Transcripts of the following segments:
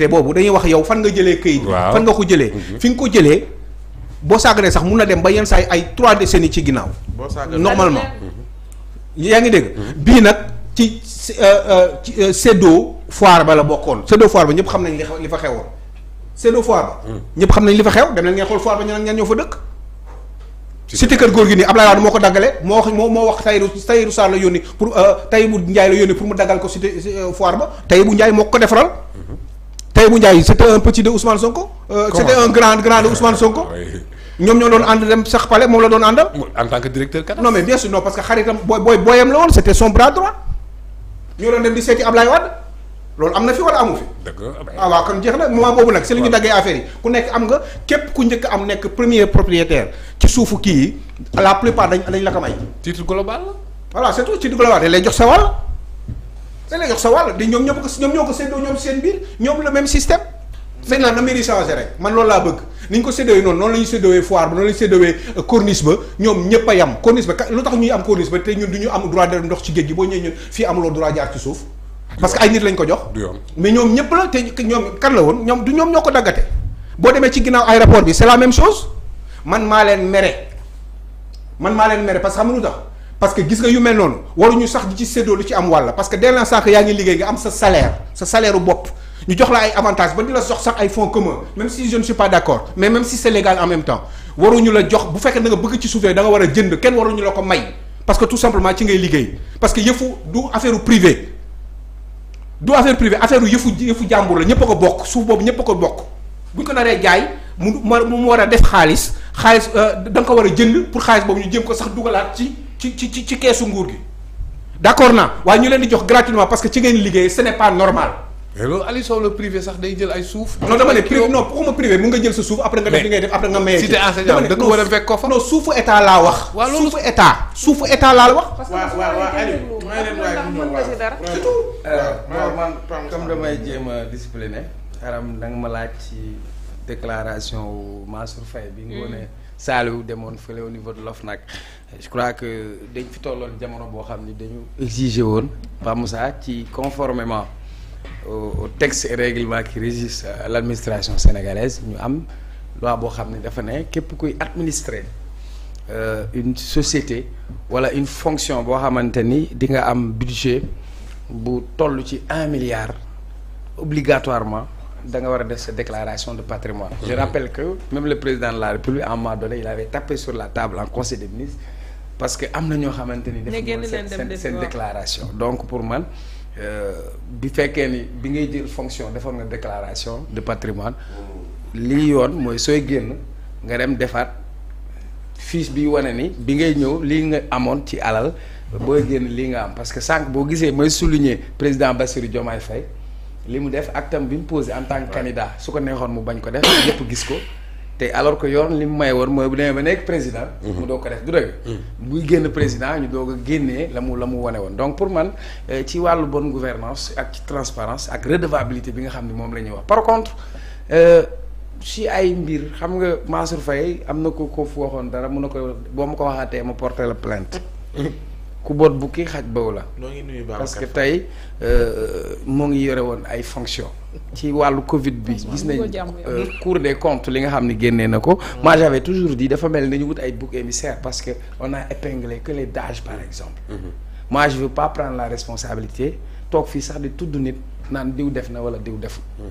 décret boobu dañuy wax yow fan nga jëlee këyit fan nga ko jëlee mm-hmm. fi nga ko jëlee boo saaganee sax mun na dem ba yenn saa ay trois décennies ci ginnaaw normalement mm-hmm. yaa ngi dégg mm-hmm. bii nag ci euh, euh, euh, séddoo foire ba la bokkoon séddoo foire ba ñëpp xam nañ li fa xewoon séddoo foire ba ñëpp xam nañ li fa xew dem leen ngeen xool foire ba ñan ñan ñoo fa dëkk cité kër góor gi nii Abdoulaye Wade moo ko daggale moo wax moo wax Tahirou Tahirou Sarr la yónni pour Tahibou Ndiaye la yónni pour mu daggal ko cité foire ba Tahibou Ndiaye moo ko defaral Taïbou Ndiaye c' était un petit de Ousmane Sonko. Euh, c' un grand grand de ah, Ousmane Sonko. ñoom ñoo doon ànd dem sax pale moom la doon àndal. en mais bien sûr parce que xaritam booy booy booyam la woon c' était son bras droit. ñoo doon dem di seeti Ablaye Wade loolu am na fi wala amu fi. dëgg ah ah kon jeex na moment boobu nag. si la ñu daggee affaire yi ku nekk am nga képp ku njëkk am nekk premier propriétaire ci suufu kii la plupart dañ dañ la ko may. titre global la. voilà c' dañ la jox sa wàll di ñoom ñoo ko ñoom ñoo ko séddoo ñoom seen biir ñoom le même système dañ na mairie changé man ñu ko séddowee noonu noonu la ñu séddowee foire ba noonu la ñu séddowee euh, corniche ba a yam corniche ba lu ñu am droit de ndox ci géej gi boo ñëwee ñun fii amuloo ko jox mais ñoom ñëpp la te ñoom kan woon ñoo ko daggate boo demee ci ginnaaw aéroport bi c'est la même chose man maa leen mere man maa leen mere parce que xam tax parce que gis nga yu mel noonu waruñu sax di ci séddoo lu ci am wàlla parce que dès l'instant que yaa ngi liggéey nga am sa salaire sa salaire u bopp ñu jox la ay avantage ba di la jox sax ay fonds communs même si je ne suis pas d'accord mais même si c'est légal en même temps waruñu la jox bu fekkee da nga bëgg ci suufee da nga war a jënd kenn waruñu la ko may parce que tout simplement ci ngay liggéey parce que yëfu du affaire privée du affaire privée affaire yëfu yëfu jàmbur la ñëpp ko bokk suuf boobu ñëpp ko bokk bu ñu ko naree jaay mu mu war a def xaalis xaalis euh, da ko war a jënd pour xaalis boobu ñu jëm ko sax dugalaat ci. ci ci ci ci keesu nguur gi d'accord na waaye ñu leen di jox gratuitement parce que ci ngeen liggéey ce n'est pas normal. mais loolu Aliou Sow la privé sax day jël ay suuf. non dama ne privé non nga jël sa suuf après nga def li ngay def après nga maye. ci dama ne da nga war a fekk ko fa. non suufu état laa que waaw waaw Aliou may leen euh, comme damay jéem a discipliné. xaram da ma laaj ci déclaration Mansour Faye bi nga hmm. ne. Saliou demoon fële au niveau de lof nag je crois que dañ fi tolloon jamono boo xam ni dañu exiger woon Pa Moussa ci conformément au texte et règlement qui régissent euh, l'administration sénégalaise ñu am loi boo xam ne dafa ne képp kuy administrer euh, une société wala une fonction boo xamante ni dinga am budget bu toll ci un milliard obligatoirement da nga war a def sa déclaration de patrimoine je rappelle que même le président de la république à un moment donné il avait tapé sur la table en conseil des ministres parce que am na ñoo xamante ni def seen déclaration donc pour man euh, bi fekkee ni bi ngay jël fonction defoon nga déclaration de patrimoine lii yoon mooy sooy génn nga dem defaat fiche bi wane ni bi ngay ñëw lii nga amoon ci alal booy génn lii nga am parce que sànq boo gisee mooy souligner président Bassirou Diomaye Faye li mu def ak bi mu posé en tant que candidat su ko neexoon mu bañ ko def yépp gis ko te alors que yoon li mu may woon mooy bu demee ba nekk président mhm. mu doo ko def du dëgg mhm. buy génn président ñu doog a génnee la mu la mu wane woon donc pour man euh, ci wàllu bonne gouvernance ak ci transparence ak redevabilité bi nga xam ne moom la ñuy wax par contre euh, si ay mbir xam nga maasur Faye am na ko ko fu waxoon dara mun na ko boo mu ko waxaatee ma porter la plainte mhm. ku boot bukki xaj boobu la. parce que tey euh, moo ngi yore woon ay fonction ci wàllu Covid bi. gis nañ euh, Cour de comptes li nga xam ne génnee na ko. Mm. moi j'avais toujours dit dafa mel ni dañu wut ay bouc émissaire parce que on a épinglé que les DAGE par exemple. Mm -hmm. pas prendre la responsabilité toog fii sax di tudd nit naan diw def na wala diw deful. Mm.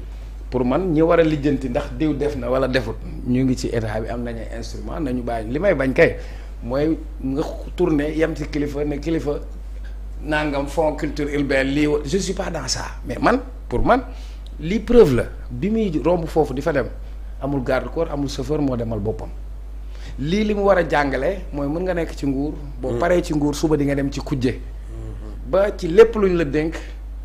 pour man ñi war a lijjanti ndax diw def na wala defut ñu ngi ci état bi am nañu instrument nañu bàyyi li may bañ kay. mooy nga tourné yem ci kilifa ne kilifa nangam fond culture urbaine lii je suis pas dans mais man pour man lii preuve la bi muy romb foofu di fa dem amul garde corps amul chauffeur moo demal boppam lii li mu war a jàngale mooy mën nga nekk ci nguur boo mm. paree ci nguur suba di nga dem ci kujje ba ci lépp luñ la dénk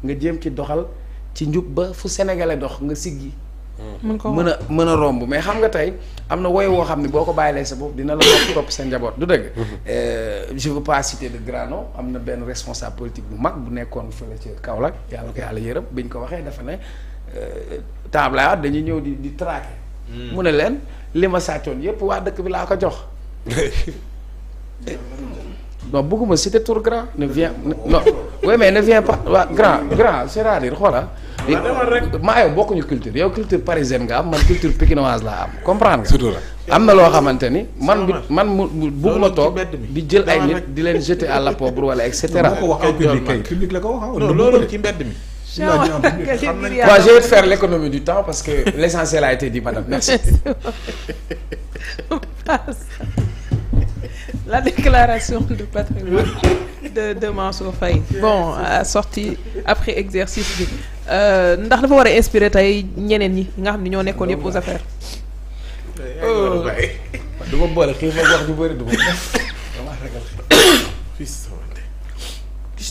nga jëm ci doxal ci njub ba fu sénégalais dox nga siggi Mm-hmm. mën ko mën a mën a romb mais xam nga tey am na woy woo xam ne boo ko bàyyilee sa bopp dina la topp topp sa njaboot du dëgg. Mm-hmm. Euh, je veux pas citer de grand nom am na benn responsable politique bu mag bu nekkoon fële ci Kaolack yàlla ko yàlla yërëm biñ ko waxee dafa ne euh, tableau dañuy ñëw di di traquer. Mm. mu ne leen li ma sàccoon yëpp waa dëkk bi laa ko jox. non bëgguma citer tour grand ne viens non oui mais ne viens grand grand cest à maa yow bokkuñu culture yow culture parisienne nga am man culture pikinoise laa am comprendre nga am na loo xamante ni man man mu bugguma toog di jël ay nit di leen jeter à la pauvre wala et cetera public la ko wax ah, loolu ci mbedd mi moi j'ai faire parce que l'essentiel a été dit madame merci la déclaration de patrimoine de de Mansour Faye sorti après exercice bi Euh, ndax dafa war a inspiré tey ñeneen ñi nga xam ne ñoo nekkoon yëpp aux affaires. Oh. du ma boole xëy na wax ju bëri du ma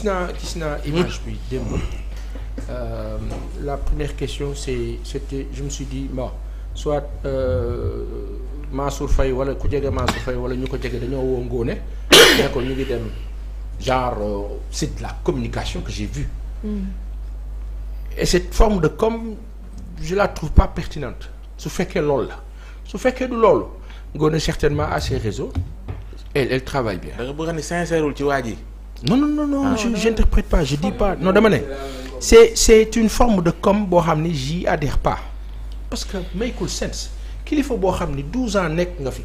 naa gis naa image bi démb euh, la première question c'est c'était je me suis dit bon soit euh, Mansour Faye wala ku jege Mansour Faye wala ñu ko jege dañoo woo Ngone ne ñu ngi dem genre c'est la communication que j'ai vu mm. et cette forme de comme je la trouve pas pertinente su fekkee loolu la su fekkee du loolu ngoone certainement à ses réseaux elle elle travaille bien. da nga bëgg a ne sincèrewul ci waa ji. non non non non ah, je j'interprète pas je dama ne c'est c'est une forme de comme boo xam ni à adhère pas parce que maykul sense kilifa boo xam ni 12 ans nekk nga fi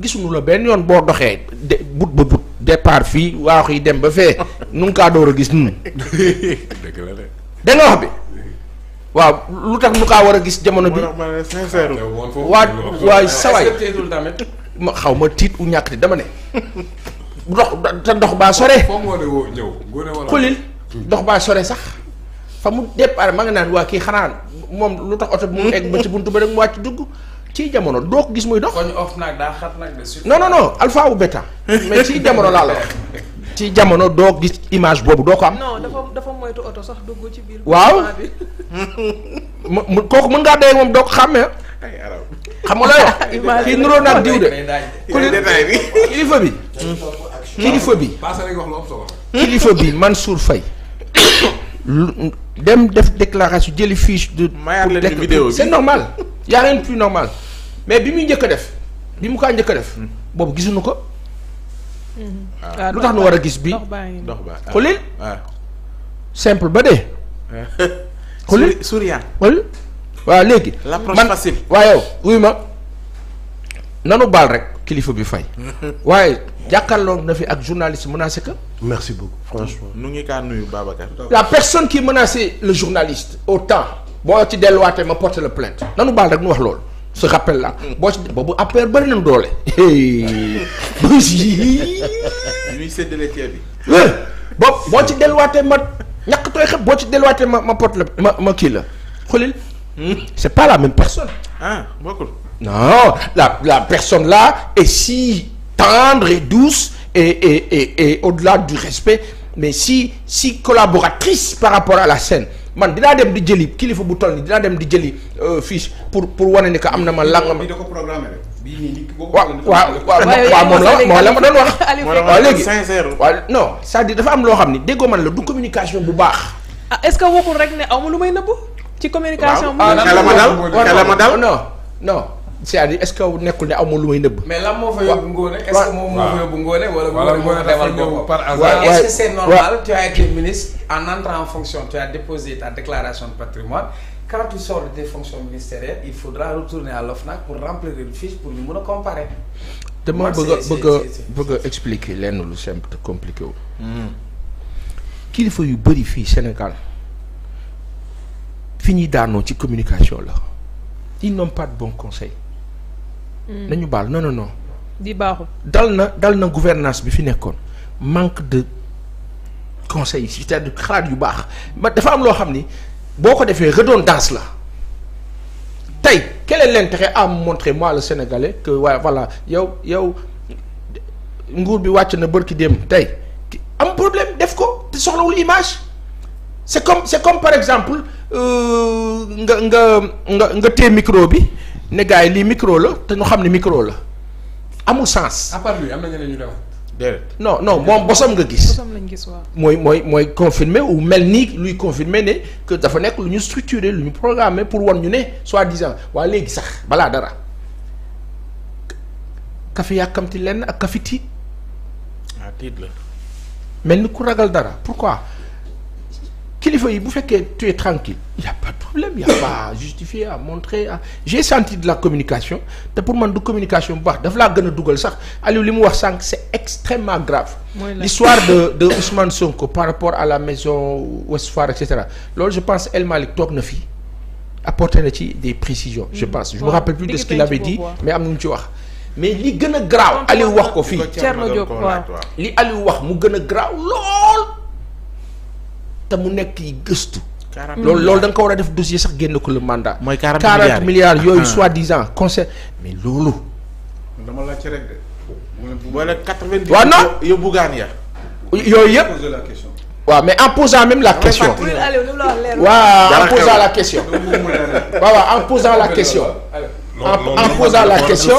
gisuñu la benn yoon boo doxee de but ba but départ fii waax yi dem ba fee nu a gis nun dëgg wax bi waaw lu tax nu kaa war a gis jamono bi. waa waay sawaay ma xaw ma tiit u ñàkk te dama ne. dox te dox baa sore. xulil hmm. dox baa sore sax. fa mu départ ma nga naan waa kii xanaa moom lu tax oto bi mu egg ci buntu ba rek mu wàcc dugg. ci jamono doo ko gis muy dox. kon off nag daa mais ci jamono laa la wax. ci jamono doo gis image boobu doo ko am. non dafa dafa moytu oto sax ci biir. waaw mu kooku mën ngaa dee moom doo ko xàmmee. xam nga lay wax. kii nuroo nag diw de. kilifa bi. kilifa bi. kilifa bi Mansour Faye. dem def déclaration jëli fiche de. mayaat leen vidéo bi c'est normal. y plus normal mais bi muy njëkk a def bi mu kaa njëkk def. Hmm. boobu gisuñu ko. waaw ah, lu tax nu war a gis bi dox baa xulil ah. ah. simple ba dee xulil souriant xulil waaw léegi man waaw yow wuy ma nanu baal rek kilifa bi fay waaye jàkkaarloo na fi ak journaliste menacé que merci beaucoup franchement nu ngi kaa nuyu Babacar la personne qui menaçait le journaliste au temps boo ci delluwaatee ma porte la plainte nanu baal rek nu wax loolu ce rappel la boo ci boobu affaire bëri nañ doole. boo ci. ñuy séddale ceeb bi. boo boo ci delluwaatee ma ñàkk boo ci delluwaatee ma ma la ma ma kii la xulil. Hmm? c'est pas la même personne. Ah, non la la personne si tendre et douce et respect mais si si collaboratrice par rapport à la scène. man dinaa dem di jëli kilifa bu toll nii dinaa dem di jëli euh, fiche pour pour wane ni que am na ma lang ma. waaw waaw waaw moom la moom la ma doon wax. waaw léegi waaw non c'est-à-dire dafa am loo xam ni déggoo man la du communication bu baax. ah est-ce que waxul rek ne aw ma lu may nëbbu. ci communication bu ah, xel ma dal ma dal non non. c'est-à-dire est-ce que nekkul ne aw ma lu may nëbb. mais lan moo fa yóbbu Ngone. est-ce que moom moo fa yóbbu Ngone. wala Ngone moo demal boppam par hasard. est-ce que c'est normal tu as été ministre en entrant en fonction tu as déposé ta déclaration de patrimoine quand tu sors des fonctions ministérielles il faudra retourner à l'OFNAC pour remplir une fiche pour ñu mën a comparer. dama bëgg a bëgg a bëgg a expliquer lenn lu simple te compliqué wu. Hmm. kilifa yu bëri fii Sénégal fi ñuy daanoo ci communication la ils n'ont pas de bon conseil. Mm. nañu baal non non di baaxul dal na dal na gouvernance bi fi nekkoon manque de conseil cest à xalaat yu baax ma dafa am loo xam ni boo ko defee redondance la tey quel est l'intérêt à montrer moi le sénégalais que waaye ouais, voilà yow yow nguur bi wàcc na bërki dem tey am problème def ko te soxlawul image c'est comme c'est comme par exemple euh, nga nga nga nga téye micro bi. ne yi lii micro la te ñu xam ne micro la amul sens. à part lui na ñeneen ñu déedéet moom bosom nga gis. bosom lañ gis waaw. mooy mooy mooy confirmer ou mel nii luy confirmer ne que dafa nekk lu ñu structuré lu ñu programmé pour wan ñu ne soi-disant waa léegi sax balaa dara kafi yàkkamti lenn ak kafi tiit. ah tiit mel ni ku ragal dara pourquoi. kilifa yi bu fekkee tu es tranquille il y a pas de problème il y pas à justifier à montrer à senti de la communication te pour man du communication bu baax daf laa gën a dugal sax Aliou li mu wax sànq c'est extrêmement grave l'histoire de de Ousmane Sonko par rapport à la maison Ouest Foire et cetera loolu je pense El Malick toog na fii apporter na ci des précisions je mm. pense je me rappelle plus de ce qu'il avait dit mais am na mu ci wax mais li gën a graaw Aliou wax ko fii wax mu gën a graaw lool te mu nekk yi gëstu. loolu loolu danga ko war a def dossier sax génn ko le mandat. mooy 40 milliards 40 yooyu ah. soi-disant conseil mais loolu. dama la ci rek non yooyu yëpp waaw mais en posant même la question. waaw en posant la question. waaw waaw en posant la question. en posant la question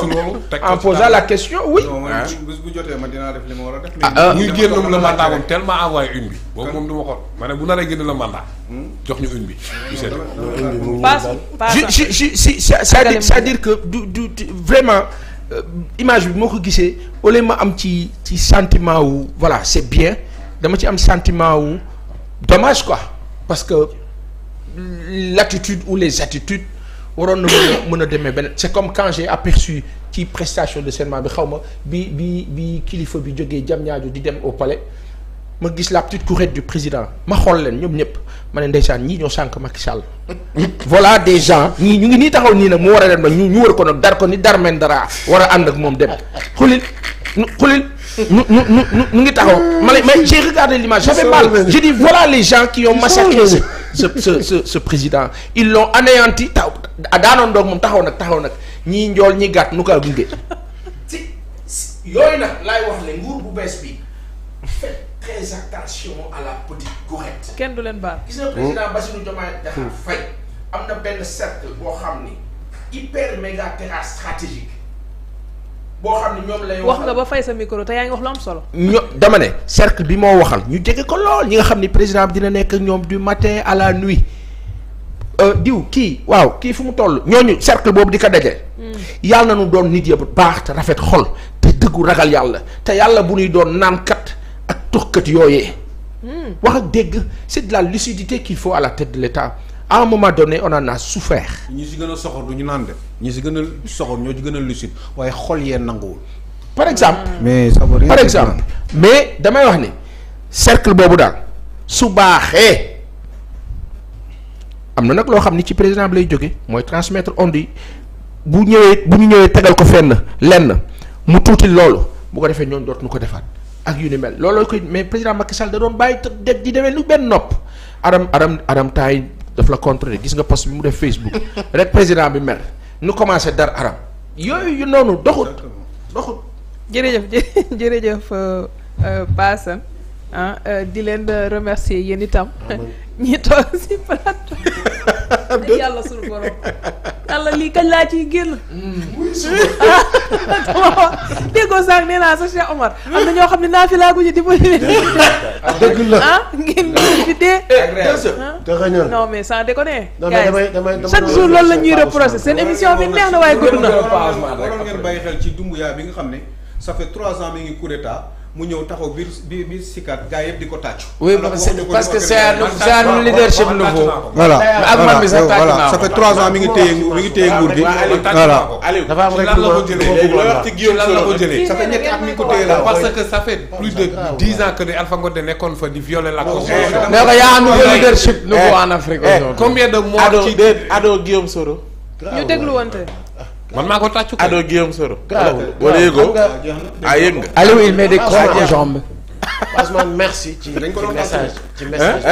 en posant la question oui. bés bu jotee ma dinaa def li ma war a def. ah, ah. muy génn la mandat moom tellement envoyé une bi. boobu moom du ma xool ma ne bu naree génn la mandat. Hmm? jox ñu une bi. ñu seetlu ko si si si c'est-à-dire que du du vraiment euh, image bi moo ko gisee au lieu ma am ci ci sentiment wu voilà c'est bien dama ci am sentiment wu dommage quoi parce que l'attitude ou les attitudes. waroon na mën a mën a demee beneen c'est comme quand j'ai aperçu ci prestation de serment bi xaw ma bi bi bi kilifa bi jógee jam ñaajo di dem au palais ma gis la petite courette du président ma xool leen ñoom ñëpp ma ne ndeysaan ñii ñoo sànq Macky Sall voilà des gens ñii ñu ngi nii taxaw nii nag mu war a dem nag ñu ñu war ko nag dar ko ni dar men dara war a ànd ak moom dem xulil xulil nu nu nu nu ngi taxaw ma lay mais j'ai regardé l'image j'avais mal j'ai dit voilà ce ce ce ce président il l'ont anéanti taw daanoon doog moom taxaw nag taxaw nag ñi njool ñi gàtt nu kaa gunge. si yooyu nag laay wax ne nguur bu bees bi faites très attention à la petite gourette. kenn du leen baax gis nga président mm. Bassirou Diomaye Diakhar mm. Faye am na benn cercle boo xam ni hyper nga terrain stratégique. boo xam ne ñoom lay wax nga ba fay sa micro te yaa ngi wax lu am solo. ño dama ne cercle bi moo waxal ñu jege ko lool ñi nga xam ni président bi dina nekk ak ñoom du matin à la nuit euh, diw kii waaw kii fi mu toll ñooñu cercle boobu di ko daje. Hmm. yàlla na ñu doon nit yëpp baax te rafet xol te dëggu ragal yàlla te yàlla bu ñuy doon naankat ak tuxkat yooyee. Hmm. wax ak dégg c'est de la lucidité qu'il faut à la tête de l'État. à un moment donné on en a souffert. ñi si gën a soxor du ñu naan de ñi si gën a soxor ñoo ci gën a lucide waaye xol yee nanguwul. par exemple. Mm. mais par exemple mais damay wax ni cercle boobu daal su baaxee. am na nag loo xam ni ci président bi lay jóge mooy transmettre onde yi bu ñëwee bu ñu ñëwee tegal ko fenn lenn mu tuuti loolu bu ko defee ñoom dootuñu ko defaat ak yu ni mel looloo koy mais président Macky Sall da doon bàyyi def di demee lu benn nopp aram aram aram daf la contrôler gis nga post bi mu def Facebook rek président bi mer nu commencé dar arab yooyu noonu doxut doxut jërëjëf jërëjëf euh, euh, Passa ah euh, di leen remercier yéen itam ñi toog si plateau ak yàlla suñu borom yàlla lii kañ laa ci génn. muy suba déggoo sax nee naa sax Cheikh Omar. am na ñoo xam ne naa fi laa gujj di ba dégg la ah ngeen fi dee. dëgg non mais sans chaque jour loolu la ñuy seen émission bi neex na waaye gudd na. waroon ngeen bàyyi xel ci Dumbuya bi nga xam ne ça fait trois ans mi ngi coup mu ñëw taxaw biir biir biir Sikaat gars di ko tàcc. oui parce que c'est un leadership nouveau. voilà ak man mi sax trois ans mi ngi téye mi ngi téye nguur gi. voilà dafa am rek la ko jëlee lan la ko jëlee. mi ko téye la parce que ça fait plus de dix ans que ne Alpha Condé nekkoon fa di violer la constitution. mais que y a un nouveau leadership nouveau en Afrique. combien de mois ci ado Guillaume Soro. ñu dégluwante. man maa ko tàcc ko Ado Guillaume Soro. garaawul boo déggoo ah yëg nga. il met des croix aux jambes. franchement merci ci ci message ci message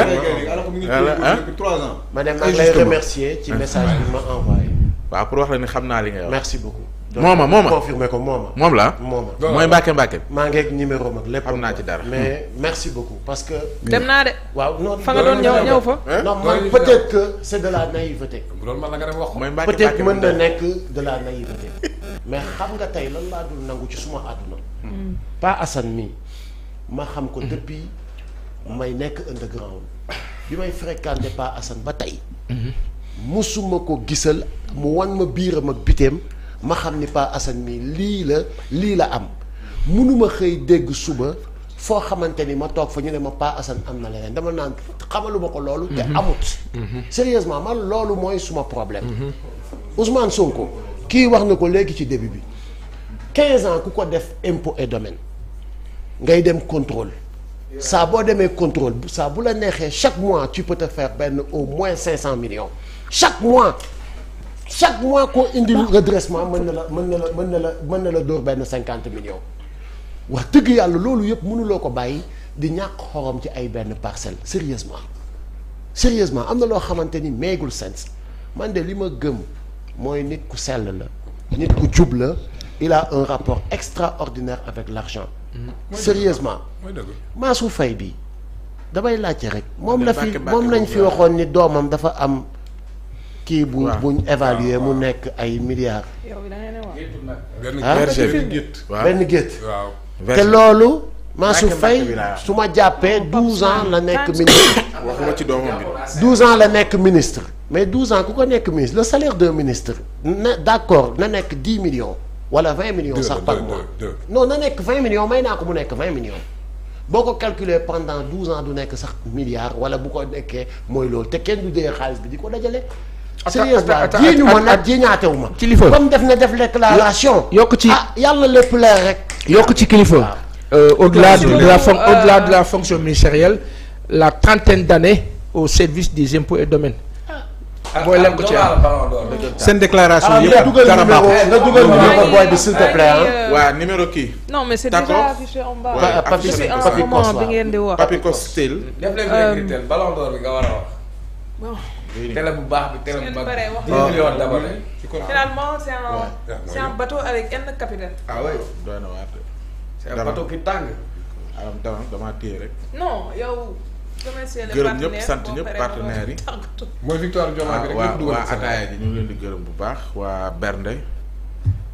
bi ci message bi pour wax la ni xam naa li ngay wax merci beaucoup. mooma mooma confirmé ko mooma moom la mooma mooy Mbàkke Mbàkke maa ngeeg numéro mag lépp am naa ci dara mais hmm. merci beaucoup parce que hmm. dem naa de waaw non fa nga doon ñëw ñëw fa non man peut-être que c'est de la naïveté loolu man la nga dem wax mooy Mbàkke peut-être mën na nekk de la naïveté mais xam nga tey lan laa dul nangu ci suma àdduna hmm. pas Assane mii ma xam ko depuis may nekk underground bi may fréquenté pas Assane ba tey musuma ko gisal mu wan ma biiram ak biteem ma xam ni Pa Assane mi lii la lii la am mënuma xëy dégg suba foo xamante ni ma toog fa ñu ne ma pas Assane am na leneen dama naan xamaluma ko loolu te mhm. amut mhm. sérieusement man loolu mooy suma problème mhm. Ousmane Sonko kii wax na ko léegi ci début bi quinze ans ku ko def impôt et domaine ngay dem contrôle saa boo demee contrôle saa bu la neexee chaque mois tu peux te benn au mois cinq cent millions chaque mois chaque mois koo indi redressement mën na la mën na la mën na la mën na la dóor benn cinquante millions wax dëgg yàlla loolu yëpp mënuloo ko bàyyi di ñàkk xorom ci ay benn parcelle sérieusement sérieusement am na loo xamante ni meegul sens man de li ma gëm mooy nit ku sell la nit ku jub la il a un rapport extraordinaire avec l'argent mm. sérieusement Mansour Faye bi damay laajte rek moom la fi moom lañ fi waxoon ni doomam dafa am kii bu buñ évaluer mu nekk ay milliards. Ah? benn gétt te loolu Mansour Faye su ma jàppee douze ans la nekk ministre waxuma ci doomam bi douze ans la nekk ministre mais douze ans ku ko nekk ministre le salaire d'un ministre na d'accord na nekk dix millions wala vingt millions sax par mois non na nekk vingt millions may naa ko mu nekk vingt millions boo ko calculer pendant douze ans du nekk sax milliard wala bu ko nekkee mooy loolu te kenn du dee xaalis bi di ko dajale sérieusement jiiñu ma nag jiiñaatewu ma kilifa comme def na def déclaration yokk ci ah, yàlla lépp leer rek yokk ci kilifa euh, au-delà de la euh, au-delà de la fonction ministérielle la trentaine d'années au service des impôts et domaines ah, booy lem ah, ko ci am seen déclaration yëpp dara nga dugal numéro bi s'il te ngeen di wax nga war a wax télé bu baax bi télé bu baax bi. dix millions d'abonnés ah, finalement c'est un ah, c'est un bateau avec un capitaine. ah oui doy na waar c'est un bateau qui tàng. alors dama damaa téye rek. non yow. gërëm ñëpp sant ñëpp partenaires yi. mooy victoire Diomaye bi rek ñëpp ah, dugal waa ataaya ji ñu ngi leen di gërëm bu baax waa Bernde.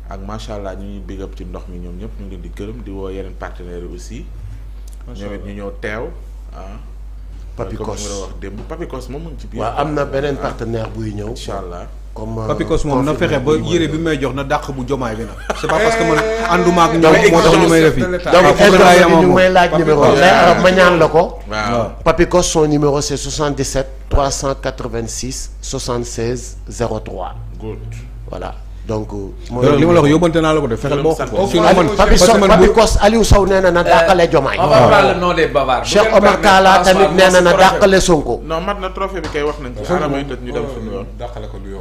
ak macha allah ñu ngi big up ci ndox mi ñoom ñëpp ñu ngi leen di gërëm di woo yeneen partenaires yi aussi. ñoom it ñu ñëw teew ah. Papicos wax démb Papicos moom mu ngi am na beneen partenaire buy ñëw. incha allah comme euh, Papicos moom na fexe ba yére bi may jox na dàq bu jomaay bi na. c'est pas parce que man eh, ànduma ak ñoom moo tax ñu may def yi may laaj numéro arab ma ñaan la ko. waaw Papicos son numéro c'est 77 386 76 03. good voilà. donc. Euh, mooy li ma la wax yóbbante naa la ko def fexeel boo ko. si man Papi Sow Papi Kos Aliou Sow nee na na ah. dàqale Diomaye. Ah, ah. waaw Cheikh Omar Kalla tamit nee na na dàqale Sonko. non mat na trophée bi kay wax nañ ko. ñu